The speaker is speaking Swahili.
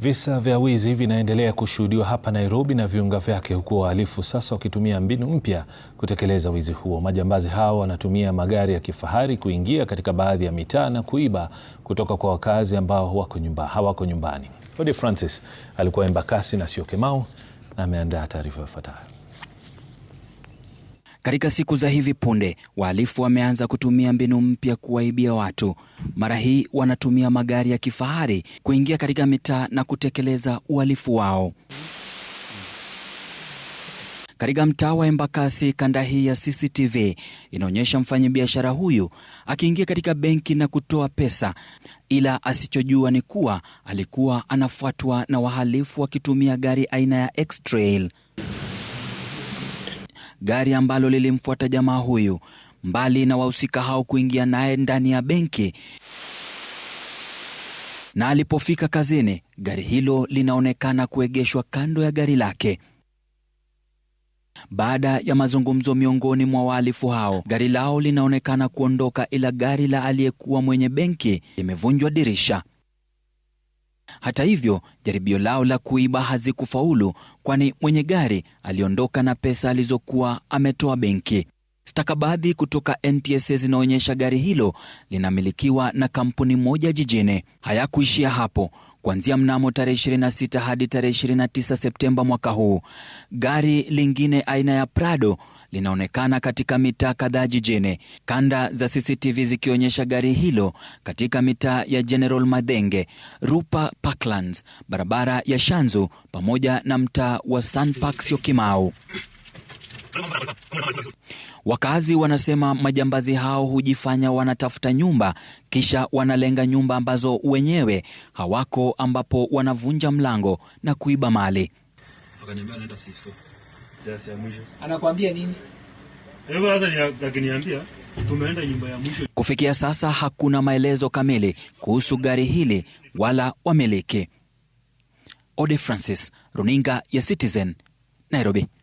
Visa vya wizi vinaendelea kushuhudiwa hapa Nairobi na viunga vyake, huku wahalifu sasa wakitumia mbinu mpya kutekeleza wizi huo. Majambazi hao wanatumia magari ya kifahari kuingia katika baadhi ya mitaa na kuiba kutoka kwa wakazi ambao wako nyumba, hawako nyumbani. rodi Francis alikuwa Embakasi na sio na ameandaa taarifa ifuatayo. Katika siku za hivi punde, wahalifu wameanza kutumia mbinu mpya kuwaibia watu. Mara hii wanatumia magari ya kifahari kuingia katika mitaa na kutekeleza uhalifu wao. Katika mtaa wa Embakasi, kanda hii ya CCTV inaonyesha mfanyabiashara huyu akiingia katika benki na kutoa pesa, ila asichojua ni kuwa alikuwa anafuatwa na wahalifu wakitumia gari aina ya X-Trail gari ambalo lilimfuata jamaa huyu. Mbali na wahusika hao kuingia naye ndani ya benki na alipofika kazini, gari hilo linaonekana kuegeshwa kando ya gari lake. Baada ya mazungumzo miongoni mwa wahalifu hao, gari lao linaonekana kuondoka, ila gari la aliyekuwa mwenye benki limevunjwa dirisha. Hata hivyo, jaribio lao la kuiba hazikufaulu, kwani mwenye gari aliondoka na pesa alizokuwa ametoa benki. Stakabadhi kutoka NTSA zinaonyesha gari hilo linamilikiwa na kampuni moja jijini. Hayakuishia hapo. Kuanzia mnamo tarehe 26 hadi tarehe 29 Septemba mwaka huu, gari lingine aina ya Prado linaonekana katika mitaa kadhaa jijini, kanda za CCTV zikionyesha gari hilo katika mitaa ya General Madhenge, Rupa Parklands, barabara ya Shanzu pamoja na mtaa wa Park Syokimau. Wakazi wanasema majambazi hao hujifanya wanatafuta nyumba kisha wanalenga nyumba ambazo wenyewe hawako, ambapo wanavunja mlango na kuiba mali. Kufikia sasa hakuna maelezo kamili kuhusu gari hili wala wamiliki. Ode Francis, Runinga ya Citizen, Nairobi.